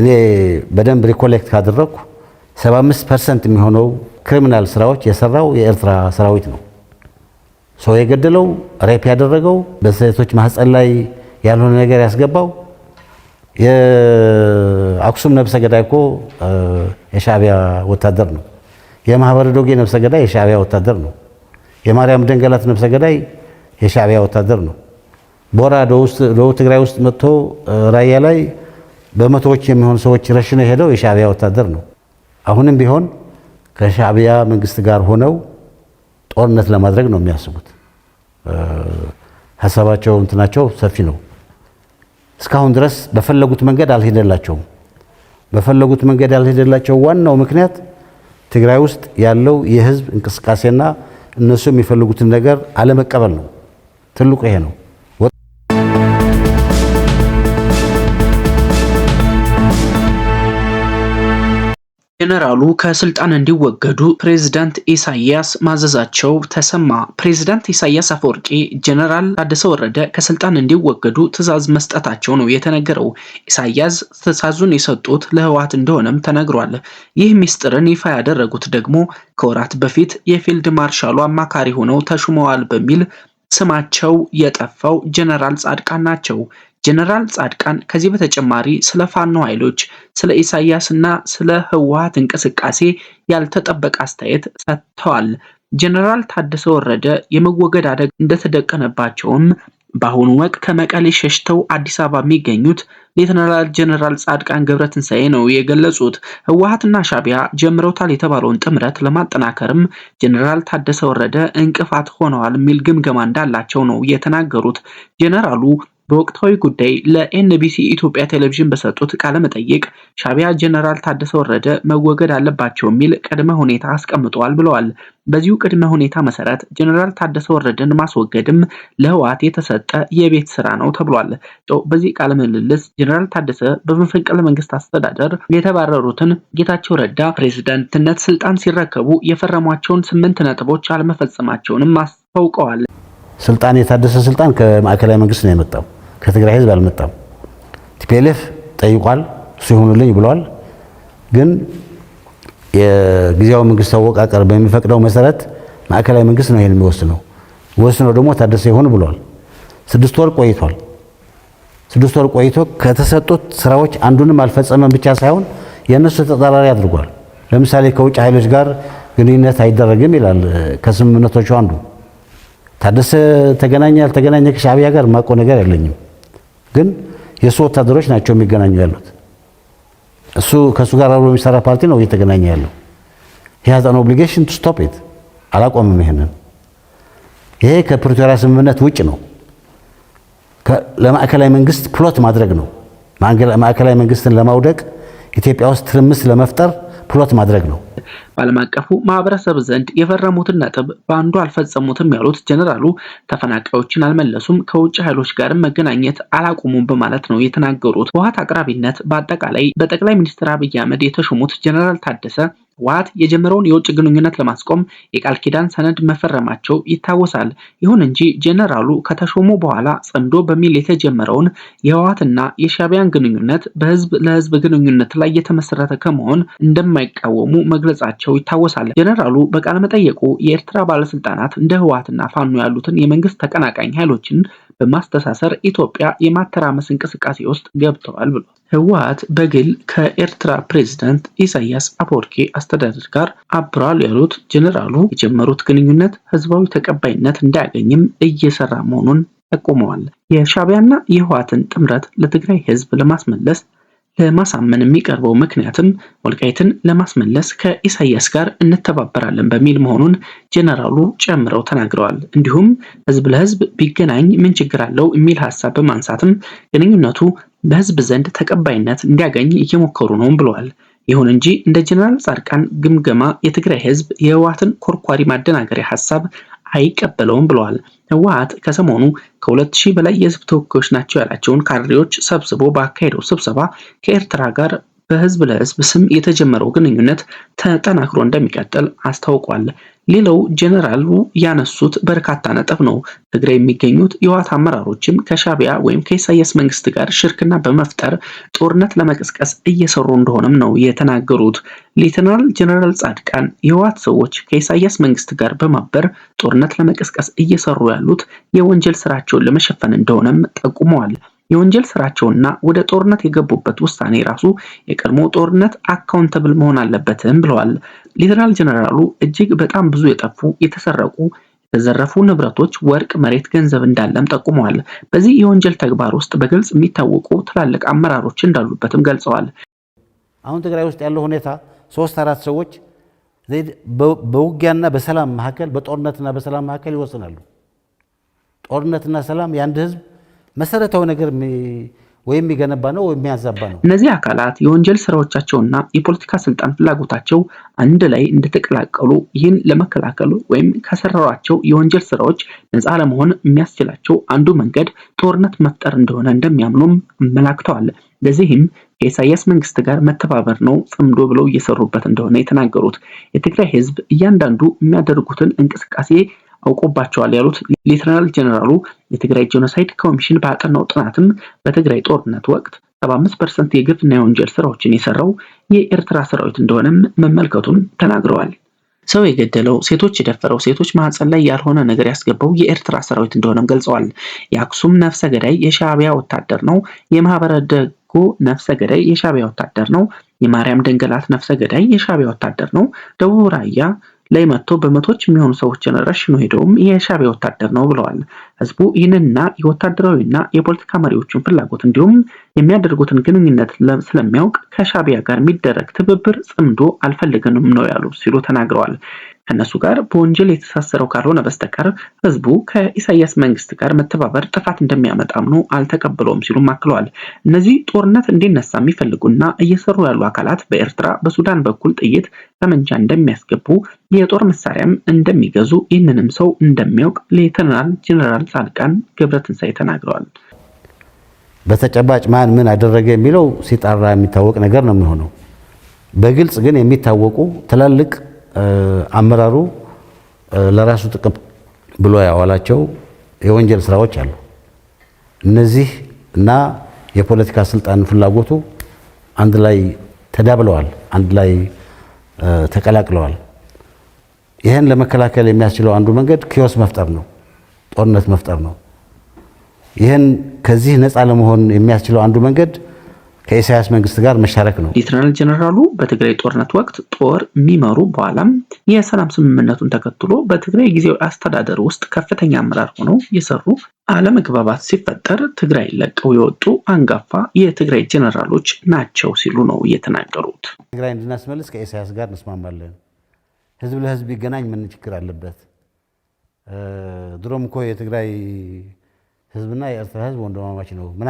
እኔ በደንብ ሪኮሌክት ካደረግኩ 75 ፐርሰንት የሚሆነው ክሪሚናል ስራዎች የሰራው የኤርትራ ሰራዊት ነው። ሰው የገደለው፣ ሬፕ ያደረገው፣ በሴቶች ማህፀን ላይ ያልሆነ ነገር ያስገባው የአክሱም ነብሰ ገዳይ እኮ የሻዕቢያ ወታደር ነው። የማህበረ ዶጌ ነብሰ ገዳይ የሻዕቢያ ወታደር ነው። የማርያም ደንገላት ነብሰ ገዳይ የሻዕቢያ ወታደር ነው። ቦራ ደቡብ ትግራይ ውስጥ መጥቶ ራያ ላይ በመቶዎች የሚሆኑ ሰዎች ረሽነው የሄደው የሻቢያ ወታደር ነው። አሁንም ቢሆን ከሻቢያ መንግስት ጋር ሆነው ጦርነት ለማድረግ ነው የሚያስቡት። ሀሳባቸው እንትናቸው ሰፊ ነው። እስካሁን ድረስ በፈለጉት መንገድ አልሄደላቸውም። በፈለጉት መንገድ ያልሄደላቸው ዋናው ምክንያት ትግራይ ውስጥ ያለው የህዝብ እንቅስቃሴና እነሱ የሚፈልጉትን ነገር አለመቀበል ነው። ትልቁ ይሄ ነው። ጄኔራሉ ከስልጣን እንዲወገዱ ፕሬዝዳንት ኢሳያስ ማዘዛቸው ተሰማ። ፕሬዝዳንት ኢሳያስ አፈወርቂ ጄኔራል ታደሰ ወረደ ከስልጣን እንዲወገዱ ትዕዛዝ መስጠታቸው ነው የተነገረው። ኢሳያስ ትዕዛዙን የሰጡት ለህወሓት እንደሆነም ተነግሯል። ይህ ሚስጥርን ይፋ ያደረጉት ደግሞ ከወራት በፊት የፊልድ ማርሻሉ አማካሪ ሆነው ተሹመዋል በሚል ስማቸው የጠፋው ጄኔራል ጻድቃን ናቸው። ጀነራል ጻድቃን ከዚህ በተጨማሪ ስለ ፋኖ ኃይሎች፣ ስለ ኢሳያስና ስለ ህወሀት እንቅስቃሴ ያልተጠበቀ አስተያየት ሰጥተዋል። ጀነራል ታደሰ ወረደ የመወገድ አደጋ እንደተደቀነባቸውም በአሁኑ ወቅት ከመቀሌ ሸሽተው አዲስ አበባ የሚገኙት ሌተናል ጀነራል ጻድቃን ገብረትንሳኤ ነው የገለጹት። ህወሀትና ሻቢያ ጀምረውታል የተባለውን ጥምረት ለማጠናከርም ጀነራል ታደሰ ወረደ እንቅፋት ሆነዋል የሚል ግምገማ እንዳላቸው ነው የተናገሩት። ጀነራሉ በወቅታዊ ጉዳይ ለኤንቢሲ ኢትዮጵያ ቴሌቪዥን በሰጡት መጠይቅ ሻቢያ ጀነራል ታደሰ ወረደ መወገድ አለባቸው የሚል ቅድመ ሁኔታ አስቀምጠዋል ብለዋል። በዚሁ ቅድመ ሁኔታ መሰረት ጀነራል ታደሰ ወረደን ማስወገድም ለህወሓት የተሰጠ የቤት ስራ ነው ተብሏል። በዚህ ቃለ ምልልስ ጀነራል ታደሰ በመፈንቅለ መንግስት አስተዳደር የተባረሩትን ጌታቸው ረዳ ፕሬዝዳንትነት ስልጣን ሲረከቡ የፈረሟቸውን ስምንት ነጥቦች አለመፈጸማቸውንም አስታውቀዋል። ስልጣን የታደሰ ስልጣን ከማዕከላዊ መንግስት ነው የመጣው ከትግራይ ህዝብ አልመጣም። ቲፒኤልኤፍ ጠይቋል፣ እሱ ይሁኑልኝ ብለዋል። ግን የጊዜያዊ መንግስት አወቃቀር በሚፈቅደው መሰረት ማዕከላዊ መንግስት ነው ይሄን የሚወስነው። ወስነው ደግሞ ታደሰ ይሁን ብለዋል። ስድስት ወር ቆይቷል። ስድስት ወር ቆይቶ ከተሰጡት ስራዎች አንዱንም አልፈጸመም ብቻ ሳይሆን የእነሱ ተጠራሪ አድርጓል። ለምሳሌ ከውጭ ኃይሎች ጋር ግንኙነት አይደረግም ይላል ከስምምነቶቹ አንዱ። ታደሰ ተገናኘ አልተገናኘ ከሻዕቢያ ጋር ማቆ ነገር የለኝም። ግን የእሱ ወታደሮች ናቸው የሚገናኙ ያሉት። እሱ ከእሱ ጋር አብሮ የሚሰራ ፓርቲ ነው እየተገናኘ ያለው። ሂያዛን ኦብሊጌሽን ቱ ስቶፕ ኢት አላቆምም። ይሄንን ይሄ ከፕሪቶሪያ ስምምነት ውጭ ነው። ለማዕከላዊ መንግስት ፕሎት ማድረግ ነው። ማዕከላዊ መንግስትን ለማውደቅ ኢትዮጵያ ውስጥ ትርምስ ለመፍጠር ፕሎት ማድረግ ነው። በዓለም አቀፉ ማህበረሰብ ዘንድ የፈረሙትን ነጥብ በአንዱ አልፈጸሙትም ያሉት ጀነራሉ ተፈናቃዮችን አልመለሱም፣ ከውጭ ኃይሎች ጋር መገናኘት አላቆሙም በማለት ነው የተናገሩት። በህወሓት አቅራቢነት በአጠቃላይ በጠቅላይ ሚኒስትር አብይ አህመድ የተሾሙት ጀኔራል ታደሰ ዋት የጀመረውን የውጭ ግንኙነት ለማስቆም የቃል ኪዳን ሰነድ መፈረማቸው ይታወሳል። ይሁን እንጂ ጄኔራሉ ከተሾሙ በኋላ ጸንዶ በሚል የተጀመረውን የህወሓትና የሻቢያን ግንኙነት በህዝብ ለህዝብ ግንኙነት ላይ የተመሰረተ ከመሆን እንደማይቃወሙ መግለጻቸው ይታወሳል። ጄኔራሉ በቃለ መጠየቁ የኤርትራ ባለስልጣናት እንደ ህወሓትና ፋኖ ያሉትን የመንግስት ተቀናቃኝ ኃይሎችን በማስተሳሰር ኢትዮጵያ የማተራመስ እንቅስቃሴ ውስጥ ገብተዋል ብሏል። ህወሓት በግል ከኤርትራ ፕሬዝዳንት ኢሳያስ አፈወርቂ አስተዳደር ጋር አብሯል ያሉት ጀኔራሉ የጀመሩት ግንኙነት ህዝባዊ ተቀባይነት እንዳያገኝም እየሰራ መሆኑን ጠቁመዋል። የሻቢያና የህወሓትን ጥምረት ለትግራይ ህዝብ ለማስመለስ ለማሳመን የሚቀርበው ምክንያትም ወልቃይትን ለማስመለስ ከኢሳያስ ጋር እንተባበራለን በሚል መሆኑን ጀነራሉ ጨምረው ተናግረዋል። እንዲሁም ህዝብ ለህዝብ ቢገናኝ ምን ችግር አለው የሚል ሀሳብ በማንሳትም ግንኙነቱ በህዝብ ዘንድ ተቀባይነት እንዲያገኝ እየሞከሩ ነው ብለዋል። ይሁን እንጂ እንደ ጀነራል ጻድቃን ግምገማ የትግራይ ህዝብ የህወሓትን ኮርኳሪ ማደናገሪያ ሀሳብ አይቀበለውም ብለዋል። ህወሓት ከሰሞኑ ከሁለት ሺህ በላይ የህዝብ ተወካዮች ናቸው ያላቸውን ካድሬዎች ሰብስቦ ባካሄደው ስብሰባ ከኤርትራ ጋር በህዝብ ለህዝብ ስም የተጀመረው ግንኙነት ተጠናክሮ እንደሚቀጥል አስታውቋል። ሌላው ጄኔራሉ ያነሱት በርካታ ነጥብ ነው። ትግራይ የሚገኙት የህወሓት አመራሮችም ከሻቢያ ወይም ከኢሳያስ መንግስት ጋር ሽርክና በመፍጠር ጦርነት ለመቀስቀስ እየሰሩ እንደሆነም ነው የተናገሩት። ሌተናል ጄኔራል ጻድቃን የህወሓት ሰዎች ከኢሳያስ መንግስት ጋር በማበር ጦርነት ለመቀስቀስ እየሰሩ ያሉት የወንጀል ስራቸውን ለመሸፈን እንደሆነም ጠቁመዋል። የወንጀል ስራቸውና ወደ ጦርነት የገቡበት ውሳኔ ራሱ የቀድሞ ጦርነት አካውንተብል መሆን አለበትም ብለዋል። ሌተናል ጀነራሉ እጅግ በጣም ብዙ የጠፉ የተሰረቁ የተዘረፉ ንብረቶች ወርቅ፣ መሬት፣ ገንዘብ እንዳለም ጠቁመዋል። በዚህ የወንጀል ተግባር ውስጥ በግልጽ የሚታወቁ ትላልቅ አመራሮች እንዳሉበትም ገልጸዋል። አሁን ትግራይ ውስጥ ያለው ሁኔታ ሶስት አራት ሰዎች በውጊያና በሰላም መካከል በጦርነትና በሰላም መካከል ይወስናሉ። ጦርነትና ሰላም የአንድ ህዝብ መሰረታዊ ነገር ወይም የሚገነባ ነው የሚያዛባ ነው። እነዚህ አካላት የወንጀል ስራዎቻቸውና የፖለቲካ ስልጣን ፍላጎታቸው አንድ ላይ እንደተቀላቀሉ ይህን ለመከላከል ወይም ከሰራሯቸው የወንጀል ስራዎች ነፃ ለመሆን የሚያስችላቸው አንዱ መንገድ ጦርነት መፍጠር እንደሆነ እንደሚያምኑም አመላክተዋል። ለዚህም ከኢሳያስ መንግስት ጋር መተባበር ነው ጽምዶ ብለው እየሰሩበት እንደሆነ የተናገሩት የትግራይ ህዝብ እያንዳንዱ የሚያደርጉትን እንቅስቃሴ አውቆባቸዋል ያሉት ሌተናል ጀነራሉ የትግራይ ጄኖሳይድ ኮሚሽን ባቀናው ጥናትም በትግራይ ጦርነት ወቅት 75 ፐርሰንት የግፍና የወንጀል ስራዎችን የሰራው የኤርትራ ሰራዊት እንደሆነም መመልከቱን ተናግረዋል። ሰው የገደለው ሴቶች የደፈረው ሴቶች ማህፀን ላይ ያልሆነ ነገር ያስገባው የኤርትራ ሰራዊት እንደሆነም ገልጸዋል። የአክሱም ነፍሰ ገዳይ የሻቢያ ወታደር ነው። የማህበረ ደጎ ነፍሰ ገዳይ የሻቢያ ወታደር ነው። የማርያም ደንገላት ነፍሰ ገዳይ የሻቢያ ወታደር ነው። ደቡብ ራያ ላይ መጥቶ በመቶዎች የሚሆኑ ሰዎችን ረሽኖ ሄደውም የሻቢያ ወታደር ነው ብለዋል። ህዝቡ ይህንና የወታደራዊና የፖለቲካ መሪዎችን ፍላጎት እንዲሁም የሚያደርጉትን ግንኙነት ስለሚያውቅ ከሻቢያ ጋር የሚደረግ ትብብር ጽምዶ አልፈልገንም ነው ያሉ ሲሉ ተናግረዋል። ከእነሱ ጋር በወንጀል የተሳሰረው ካልሆነ በስተቀር ህዝቡ ከኢሳያስ መንግስት ጋር መተባበር ጥፋት እንደሚያመጣም ነው አልተቀበለውም ሲሉም አክለዋል። እነዚህ ጦርነት እንዲነሳ የሚፈልጉና እየሰሩ ያሉ አካላት በኤርትራ በሱዳን በኩል ጥይት፣ በመንጃ እንደሚያስገቡ የጦር መሳሪያም እንደሚገዙ ይህንንም ሰው እንደሚያውቅ ሌተናል ጄኔራል ጻድቃን ገብረትንሳኤ ተናግረዋል። በተጨባጭ ማን ምን አደረገ የሚለው ሲጣራ የሚታወቅ ነገር ነው የሚሆነው። በግልጽ ግን የሚታወቁ ትላልቅ አመራሩ ለራሱ ጥቅም ብሎ ያዋላቸው የወንጀል ስራዎች አሉ። እነዚህ እና የፖለቲካ ስልጣን ፍላጎቱ አንድ ላይ ተዳብለዋል፣ አንድ ላይ ተቀላቅለዋል። ይህን ለመከላከል የሚያስችለው አንዱ መንገድ ኪዮስ መፍጠር ነው፣ ጦርነት መፍጠር ነው። ይህን ከዚህ ነፃ ለመሆን የሚያስችለው አንዱ መንገድ ከኢሳያስ መንግስት ጋር መሻረክ ነው። ሌተናል ጀነራሉ በትግራይ ጦርነት ወቅት ጦር የሚመሩ በኋላም የሰላም ስምምነቱን ተከትሎ በትግራይ ጊዜያዊ አስተዳደር ውስጥ ከፍተኛ አመራር ሆነው የሰሩ አለመግባባት ሲፈጠር ትግራይ ለቀው የወጡ አንጋፋ የትግራይ ጀነራሎች ናቸው ሲሉ ነው የተናገሩት። ትግራይ እንድናስመልስ ከኢሳያስ ጋር እንስማማለን። ህዝብ ለህዝብ ይገናኝ፣ ምን ችግር አለበት? ድሮም እኮ የትግራይ ህዝብና የኤርትራ ህዝብ ወንድማማች ነው ምናምን